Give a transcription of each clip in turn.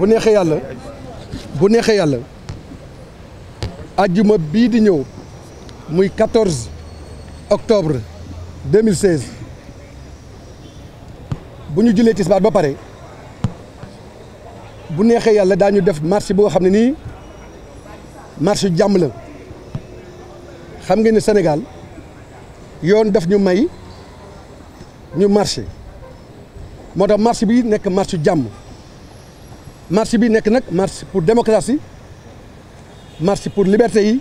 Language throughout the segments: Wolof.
bu neexee yàlla bu neexee yàlla ajjuma bii di ñëw muy 14 octobre 2016 bu ñu jëlee tisbaar ba pare bu neexee yàlla daañu def marche boo xam ne nii marche jàmm la xam ngeen ne Sénégal yoon def ñu may ñu marché moo tax marche bi nekk marche jàmm marche bi nekk nag marche pour démocratie marche pour liberté yi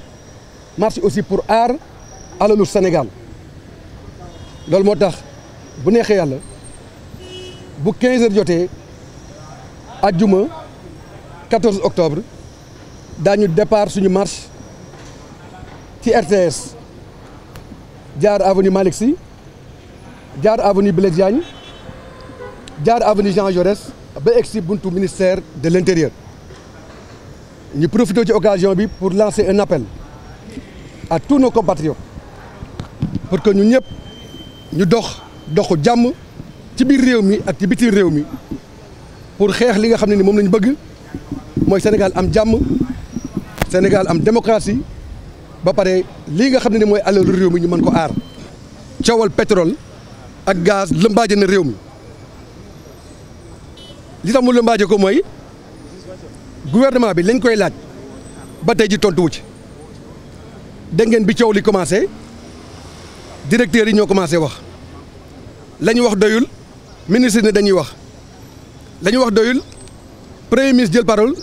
marche aussi pour aar alalu Sénégal loolu moo tax bu neexee yàlla bu 15 heures jotee ajjuma 14 octobre daañu départ suñu marche ci RTS jaar avenue Malick Sy jaar avenue Blaise Diagne jaar avenue Jean Jaurès ba egg si buntu ministère de l'intérieur ñu profité ci occasion bi pour lancer un appel à tous nos compatriotes pour que ñu ñëpp ñu dox doxu jàmm ci biir réew mi ak ci bitim réew mi pour xeex li nga xam ne ni moom lañu bëgg mooy Sénégal am jàmm Sénégal am démocratie ba pare lii nga xam ne ni mooy alalu réew mi ñu mën ko aar coowal pétrole ak gaz lëmbaaje na réew mi. li tax mu lëmbaaje ko mooy gouvernement bi lañ koy laaj ba tey ji tontu ci dégg ngeen bi coow li commencé directeurs yi ñoo commencé wax la ñu wax doyul ministre ne dañuy wax la wax doyul premier ministre jël parole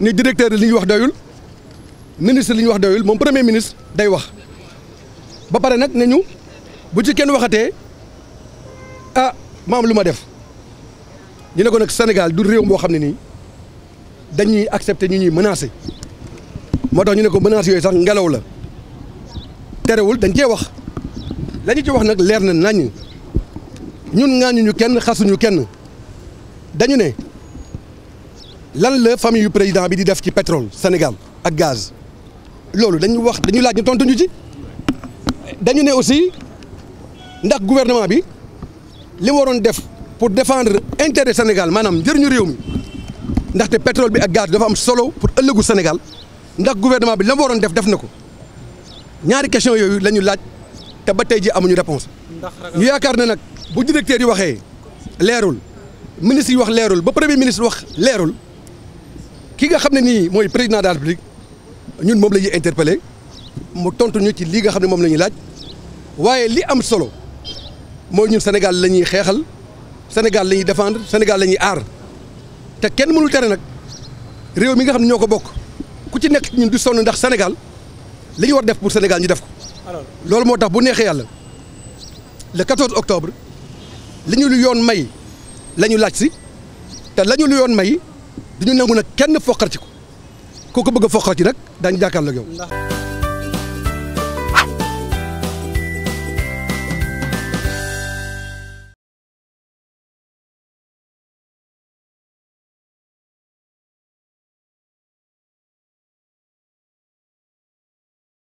ni directeur li ñuy wax doyul ministre li ñuy wax doyul moom premier ministre day wax ba pare nag ne ñu bu ci kenn waxatee ah ma lu ma def. ñu ne ko nag Sénégal du réew moo xam ne nii dañuy accepter ñu ñuy menacer moo tax ñu ne ko menaces yooyu sax ngelaw la terewul dañ cee wax la ñu ci wax nag leer na naññ ñun ŋaañuñu kenn xasuñu kenn dañu ne lan la famille yu président bi di def ci pétrole Sénégal ak gaz loolu dañu wax dañu laaj ñu tontuñu ci dañu ne aussi ndax gouvernement bi li waroon def. pour défendre intérêt Sénégal maanaam njëriñu réew mi ndaxte pétrole bi ak gaz dafa am solo pour ëllëgu Sénégal ndax gouvernement bi la mu waroon def def na ko ñaari question yooyu la ñu laaj te ba tey ji amuñu réponse ñu yaakaar na nag bu directeur yi waxee leerul ministre yi wax leerul ba premier ministre wax leerul ki nga xam ne nii mooy président de la ñun moom la ñuy interpellé mu tontu ñu ci lii nga xam ne moom la ñuy laaj waaye li am solo mooy ñun Sénégal la ñuy xeexal Sénégal la ñuy défendre Sénégal la ñuy aar te kenn mënul tere nag réew mi nga xam ne ñoo ko bokk ku ci nekk ñun du sonn ndax Sénégal li ñu war def pour Sénégal ñu def ko. loolu moo tax bu neexee yàlla le 14 octobre li ñu lu yoon may lañu laaj si te la ñu lu yoon may dañu ñu nangu nag kenn foqar ci ko ku ko bëgg a foqar ci nag daañu jàkkaarloo ak yow.